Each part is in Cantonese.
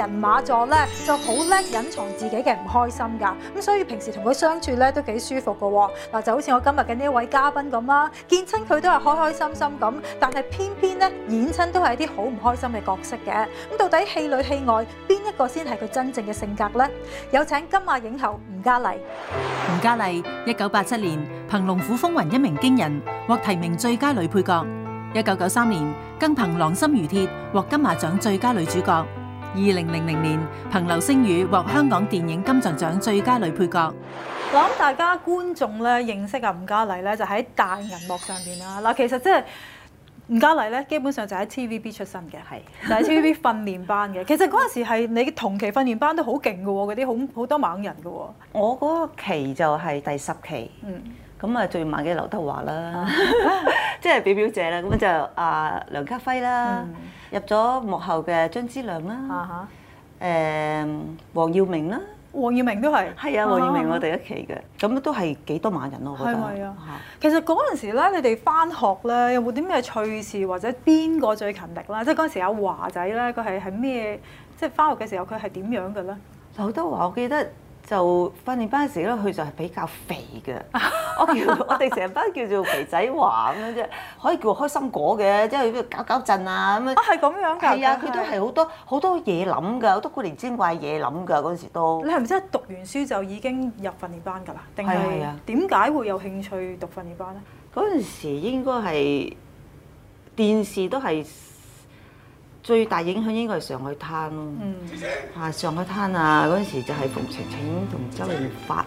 人馬座咧就好叻，隱藏自己嘅唔開心噶咁，所以平時同佢相處咧都幾舒服噶嗱，就好似我今日嘅呢一位嘉賓咁啦，見親佢都係開開心心咁，但係偏偏咧演親都係一啲好唔開心嘅角色嘅咁，到底戲裏戲外邊一個先係佢真正嘅性格呢？有請金馬影后吳家麗。吳家麗，一九八七年憑《龍虎風雲》一鳴驚人，獲提名最佳女配角；一九九三年更憑《狼心如鐵》獲金馬獎最佳女主角。二零零零年憑《流星雨》獲香港電影金像獎最佳女配角。嗱，咁大家觀眾咧認識啊吳家麗咧就喺、是、大銀幕上邊啦。嗱，其實即、就、係、是、吳家麗咧基本上就喺 TVB 出身嘅，係喺 TVB 訓練班嘅。其實嗰陣時係你同期訓練班都好勁嘅，嗰啲好好多猛人嘅。我嗰期就係第十期，咁啊、嗯、最猛嘅劉德華啦。 即係表表姐啦，咁就啊梁家輝啦，嗯、入咗幕後嘅張之亮啦，誒黃、啊哈欸、耀明啦，黃耀明都係係啊黃耀明我哋一期嘅，咁、啊、哈都係幾多萬人咯，我覺得係咪啊？啊其實嗰陣時咧，你哋翻學咧有冇啲咩趣事或者邊個最勤力啦？即係嗰陣時有華仔咧，佢係係咩？即係翻學嘅時候佢係點樣嘅咧？劉德華我記得。就訓練班嗰時咧，佢就係比較肥嘅， 我叫我哋成班叫做肥仔華咁樣啫，可以叫開心果嘅，即係搞搞震啊咁樣啊。啊，係咁樣㗎，係啊，佢都係好多好多嘢諗㗎，好多古靈精怪嘢諗㗎嗰陣時都。你唔知讀完書就已經入訓練班㗎啦？定係點解會有興趣讀訓練班咧？嗰陣時應該係電視都係。最大影響應該係上海灘咯，啊、嗯、上海灘啊，嗰陣時就係馮程程同周潤發，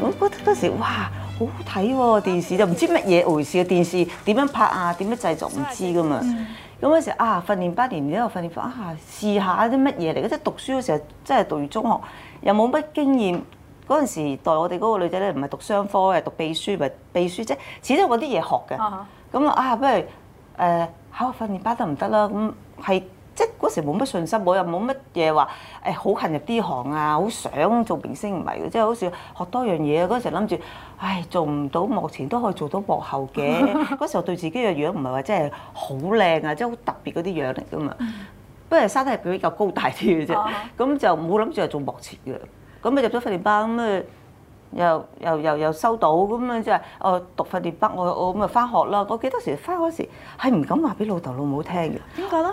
我覺得嗰時，哇，好好睇喎。電視就唔、啊、知乜嘢回事嘅，電視點樣拍啊點樣製作唔知噶嘛，咁嗰、嗯、時啊，訓練班而家又訓練翻啊，試下啲乜嘢嚟嘅，即係讀書嗰時，即係讀完中學又冇乜經驗，嗰陣時代我哋嗰個女仔咧，唔係讀商科又讀秘書，咪秘書啫，始終我啲嘢學嘅，咁啊啊不如誒。嗯考個訓練班得唔得啦？咁係即嗰時冇乜信心，我又冇乜嘢話誒，好、欸、勤入啲行啊，好想做明星唔係嘅，即係好似學多樣嘢啊。嗰時諗住，唉，做唔到幕前都可以做到幕後嘅。嗰 時我對自己嘅樣唔係話真係好靚啊，即係好特別嗰啲樣嚟噶嘛。不過生得又比較高大啲嘅啫，咁 就冇諗住係做幕前嘅。咁你入咗訓練班咁啊。又又又又收到咁樣！即係、就是哦，我讀法列筆，我我咁咪翻學啦。我記得時翻學時係唔敢話俾老豆老母聽嘅。點解咧？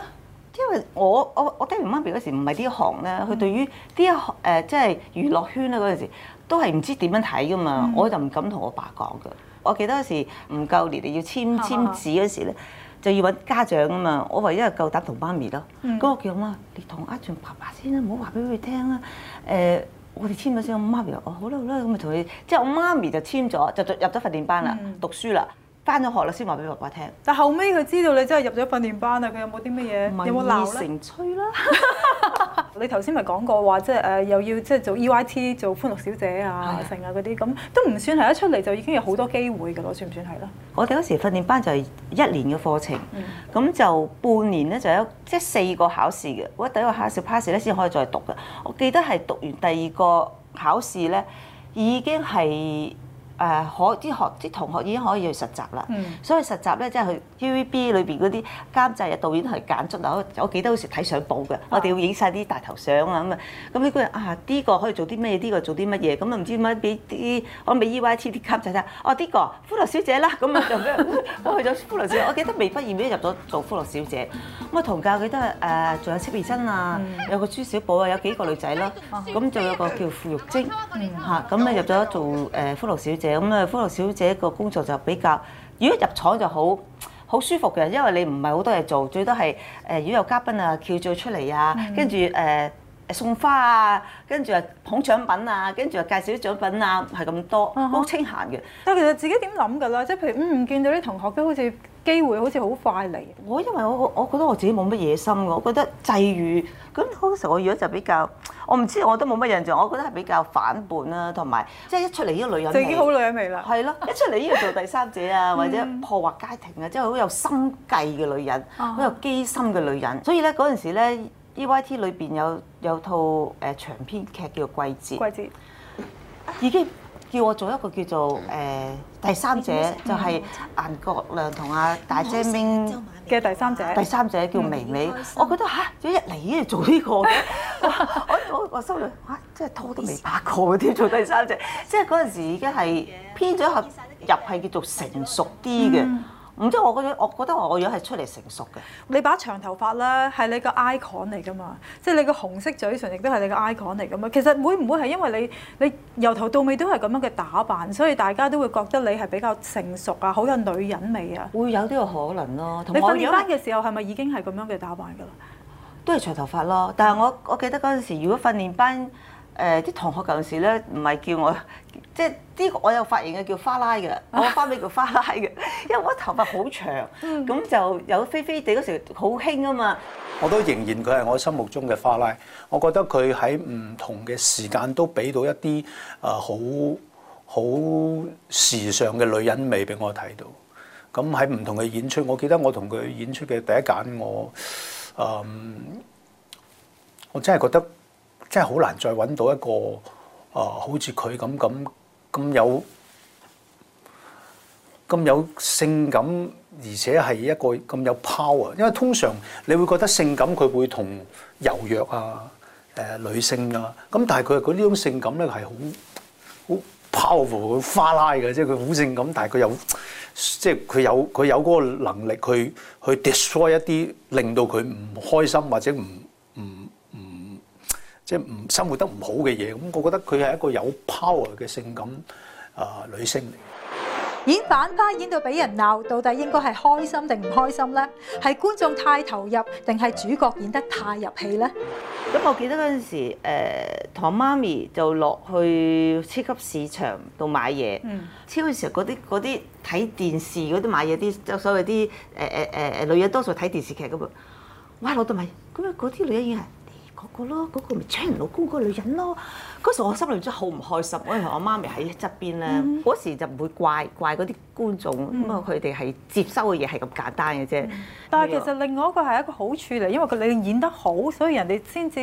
因為我我我爹哋媽咪嗰時唔係啲行咧，佢對於啲一行誒即係娛樂圈咧嗰陣時都係唔知點樣睇噶嘛，我就唔敢同我爸講嘅。我記得時唔夠年齡要簽簽紙嗰時咧，就要揾家長啊嘛。我唯一係夠膽同媽咪咯。嗰個、嗯、叫乜？你同阿俊爸爸先啦，唔好話俾佢哋聽啦。呃我哋簽咗先，我媽咪話：哦好啦好啦，咁咪同佢。即係我媽咪就簽咗，就入咗訓練班啦，嗯、讀書啦，翻咗學啦，先話俾爸爸聽。但後尾佢知道你真係入咗訓練班啦，佢有冇啲乜嘢？有冇鬧城吹啦！ 你頭先咪講過話，即係誒又要即係做 EYT 做歡樂小姐啊、剩啊嗰啲，咁都唔算係一出嚟就已經有好多機會嘅咯，算唔算係咧？我哋嗰時訓練班就係一年嘅課程，咁、嗯、就半年咧就有即係四個考試嘅，我第一個考試 pass 咧先可以再讀嘅。我記得係讀完第二個考試咧，已經係。誒可啲學啲同學已經可以去實習啦，所以實習咧即係去 TVB 裏邊嗰啲監製啊、導演去揀足啊，我我記得好似睇相簿嘅，我哋要影晒啲大頭相啊咁啊，咁呢個啊呢個可以做啲咩？呢個做啲乜嘢？咁啊唔知點解俾啲我俾 EYT 啲監製睇，哦呢個歡樂小姐啦，咁啊咁樣我去咗歡樂小姐，我記得未畢業已經入咗做歡樂小姐。咁啊同教記得誒，仲有戚美珍啊，有個朱小寶啊，有幾個女仔啦，咁仲有個叫傅玉晶嚇，咁咧入咗做誒歡樂小姐。咁啊，歡樂小姐個工作就比較，如果入廠就好好舒服嘅，因為你唔係好多嘢做，最多係誒，如果有嘉賓啊叫聚出嚟啊，跟住誒送花啊，跟住話捧獎品啊，跟住話介紹啲獎品啊，係咁多好清閒嘅。咁其實自己點諗㗎咧？即係譬如嗯，見到啲同學都好似。機會好似好快嚟，我因為我我覺得我自己冇乜野心，我覺得際遇。咁嗰時，我如果就比較，我唔知我都冇乜印象，我覺得係比較反叛啦，同埋即係一出嚟呢個女人味已經好女人味啦，係咯了， 一出嚟呢個做第三者啊，或者破壞家庭啊，即係好有心計嘅女人，好、嗯、有機心嘅女人，所以咧嗰陣時咧，EYT 裏邊有有套誒長篇劇叫做《季節》，季節， 已經。叫我做一個叫做誒、呃、第三者， 就係顏國亮同阿大姐明嘅 第三者，第三者叫薇薇。嗯、我覺得嚇，點解嚟嘢做呢、這個嘅？ 我我我心裏嚇，即係拖都未拍過嘅添， 做第三者。即係嗰陣時已經係編咗入係叫做成熟啲嘅。 嗯唔知我覺得，我覺得我個樣係出嚟成熟嘅，你把長頭髮啦，係你個 icon 嚟噶嘛？即係你個紅色嘴唇亦都係你個 icon 嚟噶嘛？其實會唔會係因為你你由頭到尾都係咁樣嘅打扮，所以大家都會覺得你係比較成熟啊，好有女人味啊？會有呢個可能咯、啊。你訓練班嘅時候係咪已經係咁樣嘅打扮噶啦？都係長頭髮咯，但係我我記得嗰陣時，如果訓練班。誒啲、呃、同學舊時咧，唔係叫我，即係呢個我有髮型嘅叫花拉嘅，我花名叫花拉嘅，因為我頭髮好長，咁就有飛飛地，嗰時好興啊嘛。我都仍然佢係我心目中嘅花拉，我覺得佢喺唔同嘅時間都俾到一啲啊、呃、好好時尚嘅女人味俾我睇到。咁喺唔同嘅演出，我記得我同佢演出嘅第一間，我啊、呃，我真係覺得。真係好難再揾到一個啊、呃，好似佢咁咁咁有咁有性感，而且係一個咁有 power。因為通常你會覺得性感佢會同柔弱啊、誒、呃、女性啊，咁但係佢佢呢種性感咧係好好 powerful 好花拉嘅，即係佢好性感，但係佢有即係佢有佢有嗰個能力去去 destroy 一啲令到佢唔開心或者唔。即係唔生活得唔好嘅嘢，咁我覺得佢係一個有 power 嘅性感啊女星嚟嘅。演反派演到俾人鬧，到底應該係開心定唔開心咧？係觀眾太投入定係主角演得太入戲咧？咁、嗯、我記得嗰陣時，同、呃、我媽咪就落去超級市場度買嘢。嗯、超級市場嗰啲啲睇電視嗰啲買嘢啲，即所謂啲誒誒誒誒女人多數睇電視劇噶噃。哇！老豆咪，咁啊嗰啲女人已經係～嗰、那個咯，嗰、那個咪搶人老公嗰個女人咯。嗰時我心裏真係好唔開心，我係我媽咪喺側邊咧，嗰、嗯、時就唔會怪怪嗰啲觀眾，咁啊佢哋係接收嘅嘢係咁簡單嘅啫。嗯、但係其實另外一個係一個好處嚟，因為佢哋演得好，所以人哋先至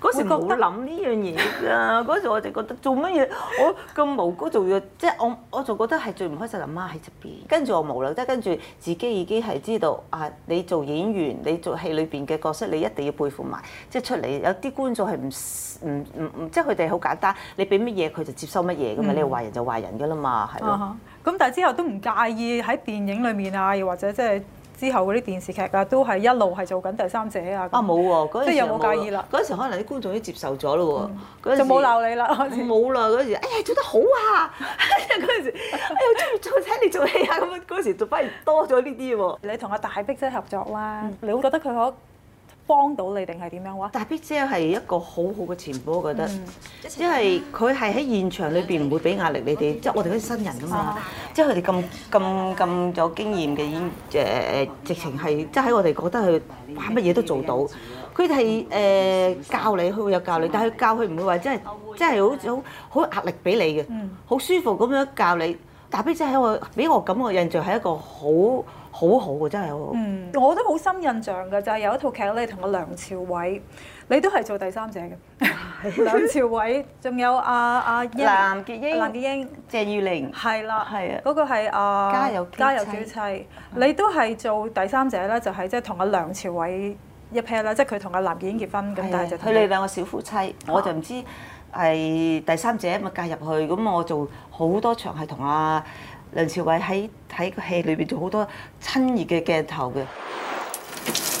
嗰時，會會時覺得冇諗呢樣嘢啊！嗰時我就覺得做乜嘢我咁無辜做嘅，即、就、係、是、我我就覺得係最唔開心。阿媽喺側邊，跟住我無啦啦，跟住自己已經係知道啊！你做演員，你做戲裏邊嘅角色，你一定要背負埋、就是，即係出嚟有啲觀眾係唔唔唔唔，即係佢哋。好簡單，你俾乜嘢佢就接收乜嘢噶嘛，你話壞人就壞人噶啦嘛，係咯、uh。咁、huh. 但係之後都唔介意喺電影裏面啊，又或者即係之後嗰啲電視劇啊，都係一路係做緊第三者啊。有啊冇喎，嗰陣時又冇介意啦。嗰陣時可能啲觀眾都接受咗咯喎，嗯、就冇鬧你啦。冇啦嗰時，哎呀做得好啊！嗰 陣時，哎呀好中意聽你做戲啊！咁嗰時就反而多咗呢啲喎。你同阿大碧姐合作啦，嗯、你會覺得佢好？幫到你定係點樣話？大 B 姐係一個好好嘅前輩，我覺得，因為佢係喺現場裏邊唔會俾壓力你哋，即係我哋嗰啲新人咁嘛。即係佢哋咁咁咁有經驗嘅，已經誒誒，直情係即係喺我哋覺得佢玩乜嘢都做到。佢哋係誒教你，佢會有教你，但係教佢唔會話即係即係好好好壓力俾你嘅，好舒服咁樣教你。大 B 姐喺我俾我感覺印象係一個好。好好㗎，真係好好。嗯，我都好深印象㗎，就係有一套劇咧，你同阿梁朝偉，你都係做第三者嘅。梁朝偉，仲有阿阿藍潔瑛、藍潔瑛、鄭裕玲，係啦，係啊，嗰個係阿家有家有嬌妻，你都係做第三者啦，就係即係同阿梁朝偉一 pair 啦，即係佢同阿藍潔瑛結婚，咁但係就佢哋兩個小夫妻，我就唔知係第三者咪介入去，咁我做好多場係同阿。梁朝偉喺喺個戲裏邊做好多親熱嘅鏡頭嘅。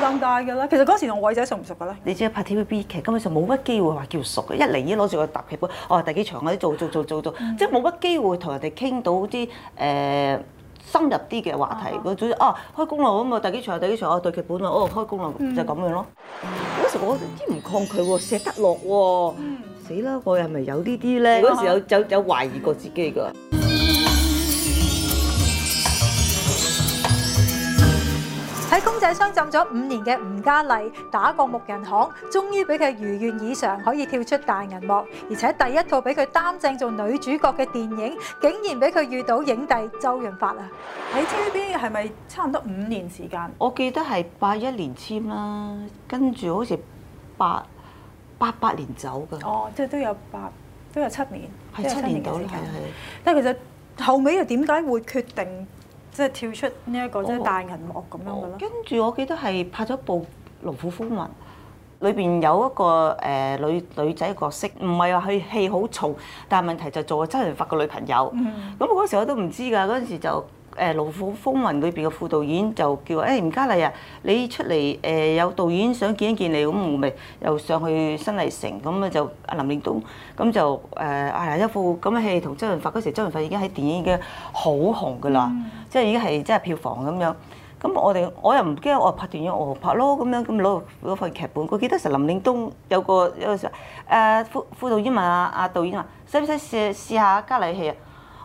咁大嘅啦，其實嗰時同偉仔熟唔熟嘅咧？你知啊，拍 TVB 劇根本就冇乜機會話叫熟嘅，一嚟已經攞住個搭劇本，哦，第幾場我啲做做做做做，即係冇乜機會同人哋傾到啲誒深入啲嘅話題。最主要開工啦咁啊，第幾場第幾場我對劇本啊，哦、啊，開工啦，啊工嗯、就咁樣咯。嗰、嗯、時我啲唔抗拒喎，錫得落喎、啊，死啦、嗯！我又咪有呢啲咧。嗰 時有有有懷疑過自己㗎。喺公仔箱浸咗五年嘅吳家麗，打過木人行，終於俾佢如願以償，可以跳出大銀幕，而且第一套俾佢擔正做女主角嘅電影，竟然俾佢遇到影帝周潤發啊！喺 TVB 係咪差唔多五年時間？我記得係八一年簽啦，跟住好似八八八年走噶。哦，即係都有八都有七年，係七年到啦，係。但係其實後尾又點解會決定？即係跳出呢、這、一個噢即係大銀幕咁樣嘅咯噢。跟住後我記得係拍咗部《龍虎風雲》，裏邊有一個誒、呃、女女仔嘅角色，唔係話佢戲好嘈，但係問題就做阿周潤發嘅女朋友。咁嗰、嗯、時我都唔知㗎，嗰陣時就。誒《龍虎風雲》裏邊嘅副導演就叫我，誒吳家麗啊，你出嚟誒、呃、有導演想見一見你，咁我咪又上去新麗城，咁啊就阿林寧東，咁就誒阿、呃、一副富，咁嘅戲同周潤發嗰時，周潤發已經喺電影已經好紅㗎啦，嗯、即係已經係即係票房咁樣。咁我哋我又唔驚，我拍電影，我拍咯，咁樣咁攞攞份劇本。佢記得時林寧東有個有時誒、呃、副副導演問阿、啊、阿、啊、導演話、啊：使唔使試試下家麗戲啊？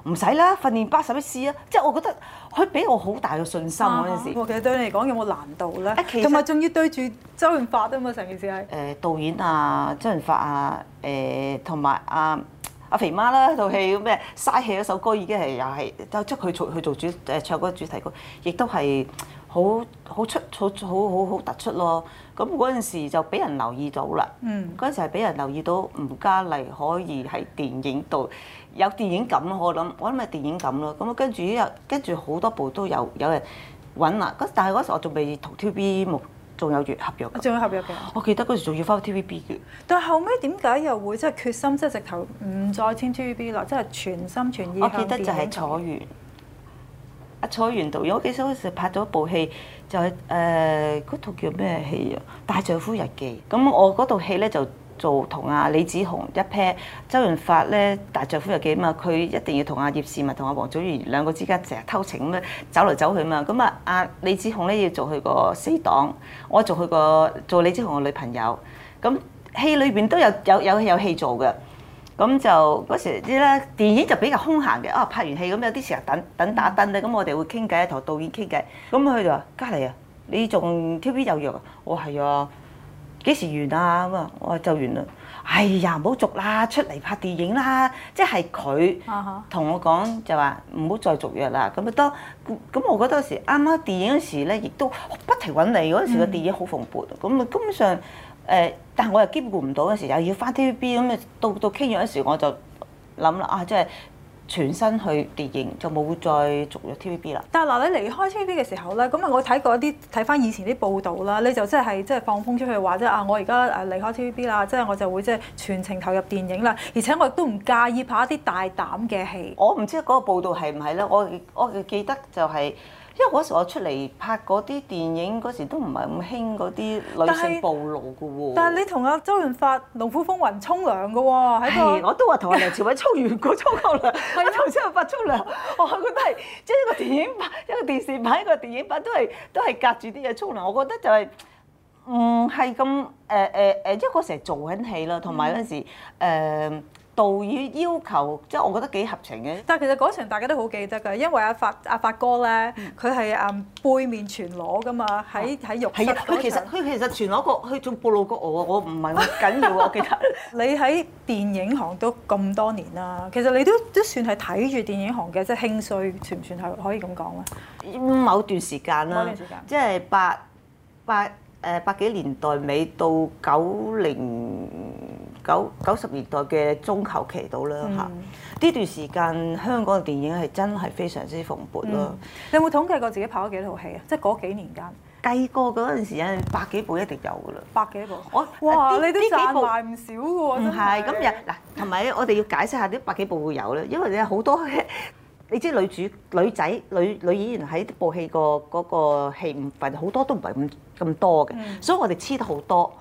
唔使啦，訓練八十一試啊！即係我覺得佢俾我好大嘅信心嗰陣、啊、時。其實對你嚟講有冇難度咧？同埋仲要對住周潤發啊嘛，成件事係。誒、呃、導演啊，周潤發啊，誒同埋阿阿肥媽啦，套戲咁咩嘥氣嗰首歌已經係又係，即係佢做去做主誒、啊、唱嗰個主題曲，亦都係好好出好好好好突出咯。咁嗰陣時就俾人留意到啦。嗯。嗰陣時係俾人留意到吳家麗可以喺電影度。有電影感咯，我諗，我諗咪電影感咯。咁我跟住之後，跟住好多部都有有人揾啦。但係嗰時我仲未同 TVB 木，仲有月合約。仲有合約嘅。約我記得嗰時仲要返 TVB 嘅。但係後尾點解又會即係決心即係直頭唔再簽 TVB 啦？即係全心全意。我記得就係坐完，阿蔡元導演，我記得嗰時拍咗一部戲，就係誒嗰套叫咩戲啊，《大丈夫日記》那那。咁我嗰套戲咧就。做同阿李子雄一 pair，周潤發咧《大丈夫日記》啊嘛，佢一定要同阿葉倩文同阿黃祖賢兩個之間成日偷情咁樣走嚟走去啊嘛，咁啊阿李子雄咧要做佢個死黨，我做佢個做李子雄個女朋友，咁、嗯、戲裏邊都有有有有戲,有戲做嘅，咁、嗯、就嗰時啲咧電影就比較空閒嘅，啊、哦、拍完戲咁、嗯、有啲成日等等打燈咧，咁、嗯、我哋會傾偈同導演傾偈，咁佢就話：家麗啊，你仲 TV 有約啊？我、哦、係啊。嗯嗯幾時完啊？咁啊，我就完啦。哎呀，唔好續啦，出嚟拍電影啦。即係佢同我講、uh huh. 就話唔好再續約啦。咁多咁，我覺得嗰時啱啱電影嗰時咧，亦都不停揾你，嗰時個電影好蓬勃。咁啊、嗯，根本上誒、呃，但係我又兼顧唔到，嗰時又要返 T V B。咁啊，到到傾約嗰時我就諗啦，啊，即係。全身去電影就冇再續約 TVB 啦。但係嗱，你離開 TVB 嘅時候咧，咁啊，我睇過一啲睇翻以前啲報道啦，你就真係即係放風出去話啫啊！我而家誒離開 TVB 啦，即係我就會即係全程投入電影啦，而且我亦都唔介意拍一啲大膽嘅戲。我唔知嗰個報道係唔係咧，我我記記得就係。因為嗰時我出嚟拍嗰啲電影，嗰時都唔係咁興嗰啲女性暴露嘅喎。但係你同阿周潤發《龍虎風雲》沖涼嘅喎，喺度。我都話同阿梁朝偉沖完個沖過涼，同周潤發沖涼。我覺得係即係一個電影版、一個電視版、一個電影版都係都係隔住啲嘢沖涼。我覺得就係唔係咁誒誒誒，因為嗰時做緊戲啦，同埋嗰時誒。呃嗯導演要求，即係我覺得幾合情嘅。但係其實嗰場大家都好記得㗎，因為阿發阿發哥咧，佢係啊背面全裸㗎嘛，喺喺、啊、浴室。係啊，佢其實佢其實全裸過，佢仲暴露過我，我唔係好緊要 我記得。你喺電影行都咁多年啦，其實你都都算係睇住電影行嘅，即係興衰，算唔算係可以咁講咧？某段時間啦，某段時間，即係八八誒八幾年代尾到九零。九九十年代嘅中秋期到啦嚇，呢段時間香港嘅電影係真係非常之蓬勃咯。你有冇統計過自己拍咗幾套戲啊？即係嗰幾年間計過嗰陣時啊，百幾部一定有噶啦。百幾部？哇！你都賺賣唔少嘅喎。唔係咁又嗱，同埋我哋要解釋下啲百幾部會有咧，因為你有好多你知女主女仔女女演員喺部戲個嗰個戲份好多都唔係咁咁多嘅，所以我哋黐得好多。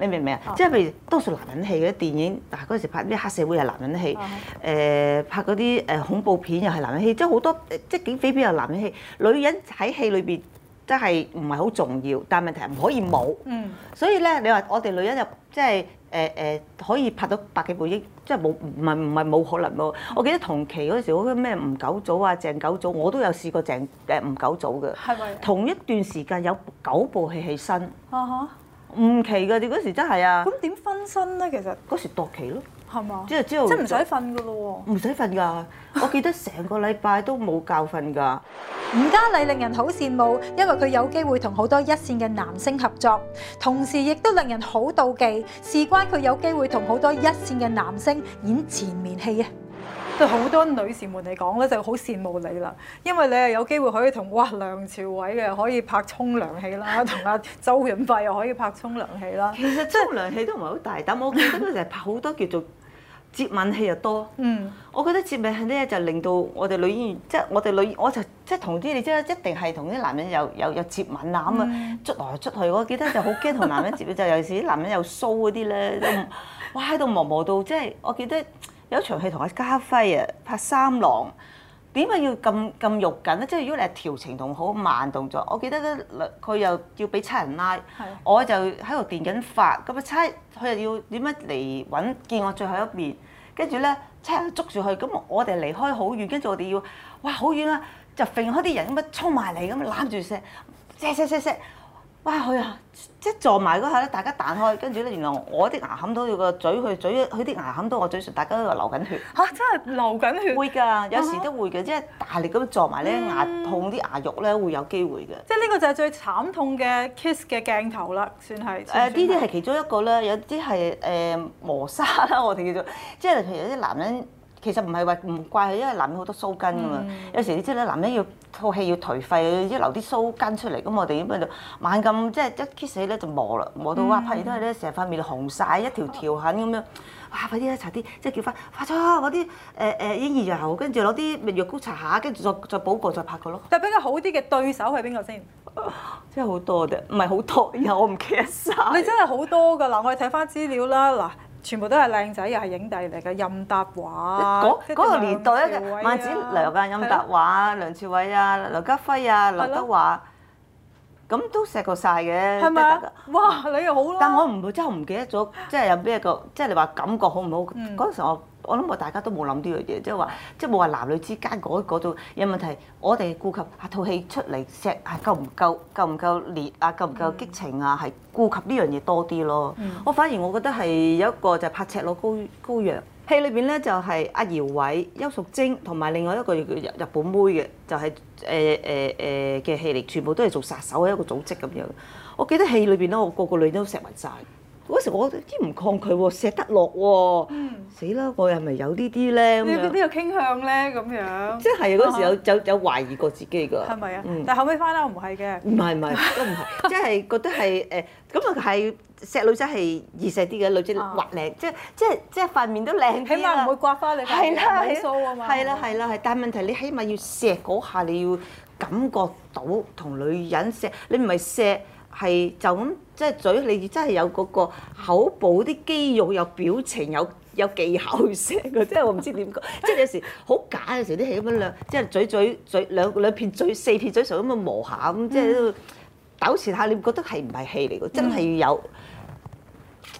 你明唔明啊？即係譬如多數男人戲啲電影，但係嗰時拍啲黑社會又係男人戲，誒、啊呃、拍嗰啲誒恐怖片又係男人戲，即係好多即係警匪片又男人戲。女人喺戲裏邊真係唔係好重要，但問題係唔可以冇。嗯，所以咧，你話我哋女人又、就是，即係誒誒可以拍到百幾部億，即係冇唔係唔係冇可能咯。我記得同期嗰陣時，好似咩吳九組啊、鄭九組，我都有試過鄭誒吳九組嘅。係、呃、咪？是是同一段時間有九部戲起身。啊唔奇噶，你嗰時真係啊！咁點分身咧？其實嗰時度期咯，係嘛？即係之後即唔使瞓噶咯喎！唔使瞓噶，我記得成個禮拜都冇覺瞓噶。吳家麗令人好羨慕，因為佢有機會同好多一線嘅男星合作，同時亦都令人好妒忌，事關佢有機會同好多一線嘅男星演纏綿戲啊！對好多女士們嚟講咧，就好羨慕你啦，因為你係有機會可以同哇梁朝偉嘅可以拍沖涼戲啦，同阿周潤發又可以拍沖涼戲啦。其實沖涼戲都唔係好大膽，但 我記得成日拍好多叫做接吻戲又多。嗯，我覺得接吻戲咧就令到我哋女演員即係我哋女，我就即係、就是、同啲你知啦，一定係同啲男人有有有接吻啊咁啊，捉、嗯、來出去我記得就好驚同男人接，就 尤其是啲男人又鬚嗰啲咧，哇喺度磨磨到即係我記得。有一場戲同阿家輝啊，拍三郎，點解要咁咁肉緊咧？即係如果你係調情同好慢動作，我記得咧，佢又要俾差人拉，的我就喺度電緊髮，咁啊差，佢又要點樣嚟揾見我最後一面？跟住咧，差人捉住佢，咁我哋離開好遠，跟住我哋要哇好遠啦、啊，就揈開啲人咁樣衝埋嚟，咁攬住錫錫錫錫。哇去啊、哎！即係撞埋嗰下咧，大家彈開，跟住咧，原來我啲牙冚到你個嘴，佢嘴佢啲牙冚到我嘴唇，大家都話流緊血。嚇、啊！真係流緊血。會㗎，有時都會嘅，嗯、即係大力咁撞埋咧，牙痛啲牙肉咧會有機會嘅。即係呢個就係最慘痛嘅 kiss 嘅鏡頭啦，算係。誒，呢啲係其中一個啦，有啲係誒磨砂啦，我哋叫做，即係例如有啲男人。其實唔係話唔怪佢，因為男人好多鬚根㗎嘛。嗯、有時你知啦，男人要套戲要頹廢，要留一留啲鬚根出嚟，咁我哋咁樣就猛咁即係一 kiss 起咧就磨啦，磨到哇！拍完都係咧成塊面紅晒，一條條痕咁樣。哇！快啲啊，擦啲即係叫翻快咗，攞啲誒誒嬰兒藥，跟住攞啲藥膏擦下，跟住再再補過再拍過咯。但比較好啲嘅對手係邊個先、呃？真係好多㗎，唔係好多，然後我唔 care。你真係好多㗎嗱，我哋睇翻資料啦嗱。全部都係靚仔，又係影帝嚟嘅，任達華。嗰個年代一個萬梓良啊，任達華、梁朝偉啊、劉的家輝啊、劉德華，咁的都錫過晒嘅。係咪的？家哇！你又好啦。但我唔真係唔記得咗，即係有咩個，即係你話感覺好唔好嗰陣、嗯、時啊？我諗啊，大家都冇諗呢樣嘢，即係話，即係冇話男女之間嗰種。有問題，我哋顧及下套戲出嚟，錫係夠唔夠，夠唔夠烈啊，夠唔夠激情啊，係、嗯、顧及呢樣嘢多啲咯。我反而我覺得係有一個就係拍赤裸羔羔羊，戲裏邊咧就係阿姚偉、邱淑貞同埋另外一個日本妹嘅、就是，就係誒誒誒嘅戲裏，呃呃、戲全部都係做殺手嘅一個組織咁樣。我記得戲裏邊咧，我個個女都錫埋晒。嗰時我啲唔抗拒喎，錫得落喎，死啦！我又咪有呢啲咧咁樣，呢個傾向咧咁樣。即係嗰時有有有懷疑過自己㗎。係咪啊？但後尾翻啦，我唔係嘅。唔係唔係都唔係、呃 uh，即係覺得係誒咁啊！係錫女仔係易錫啲嘅，女仔滑靚，即即即塊面都靚啲啦。起碼唔會刮翻嚟。係啦，剃須啊嘛。係啦係啦係，但係問題你起碼要錫嗰下，你要感覺到同女人錫，你唔係錫。係就咁即係嘴，你真係有嗰個口部啲肌肉，有表情，有有技巧去錫嘅。即係我唔知點講，即係有時好假，有時啲戲咁樣兩，即係嘴嘴嘴兩兩片嘴四片嘴唇咁樣磨下，咁即係都糾纏下，你覺得係唔係戲嚟嘅？真係要有，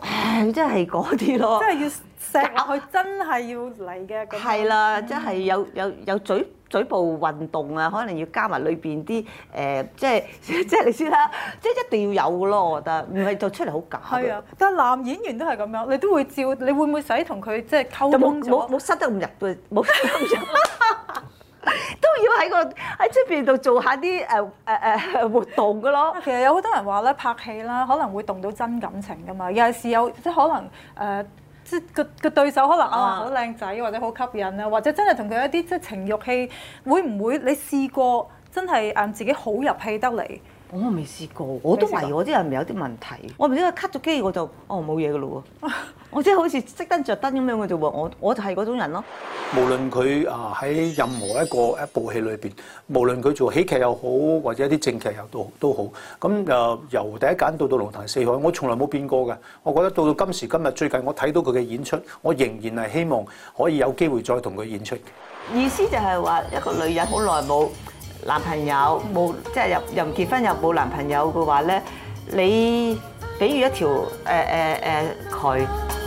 唉，真係嗰啲咯。真係要錫佢真係要嚟嘅。係啦，真係有有有嘴。嘴部運動啊，可能要加埋裏邊啲誒，即係即係你知啦，即係一定要有嘅咯，我覺得唔係做出嚟好假嘅。係啊，但係男演員都係咁樣，你都會照，你會唔會使同佢即係溝通咗？冇冇塞得咁入嘅，冇塞咁入， 都要喺個喺出邊度做下啲誒誒誒活動嘅咯。其實有好多人話咧，拍戲啦，可能會動到真感情㗎嘛，有時有即係可能誒。呃即個個對手可能啊好靚仔或者好吸引啊，或者真係同佢一啲即係情欲戲，會唔會你試過真係誒自己好入戲得嚟？我未試過，我都懷疑我啲人有啲問題。我唔知佢 cut 咗機，我就哦冇嘢嘅嘞喎。我即係好似熄燈着燈咁樣嘅啫喎。我我就係嗰種人咯。無論佢啊喺任何一個一部戲裏邊，無論佢做喜劇又好，或者一啲正劇又都都好。咁誒由第一間到到龍潭四海，我從來冇變過嘅。我覺得到到今時今日，最近我睇到佢嘅演出，我仍然係希望可以有機會再同佢演出。意思就係話一個女人好耐冇。男朋友冇，即係又又唔結婚又冇男朋友嘅話咧，你比如一條誒誒誒佢。呃呃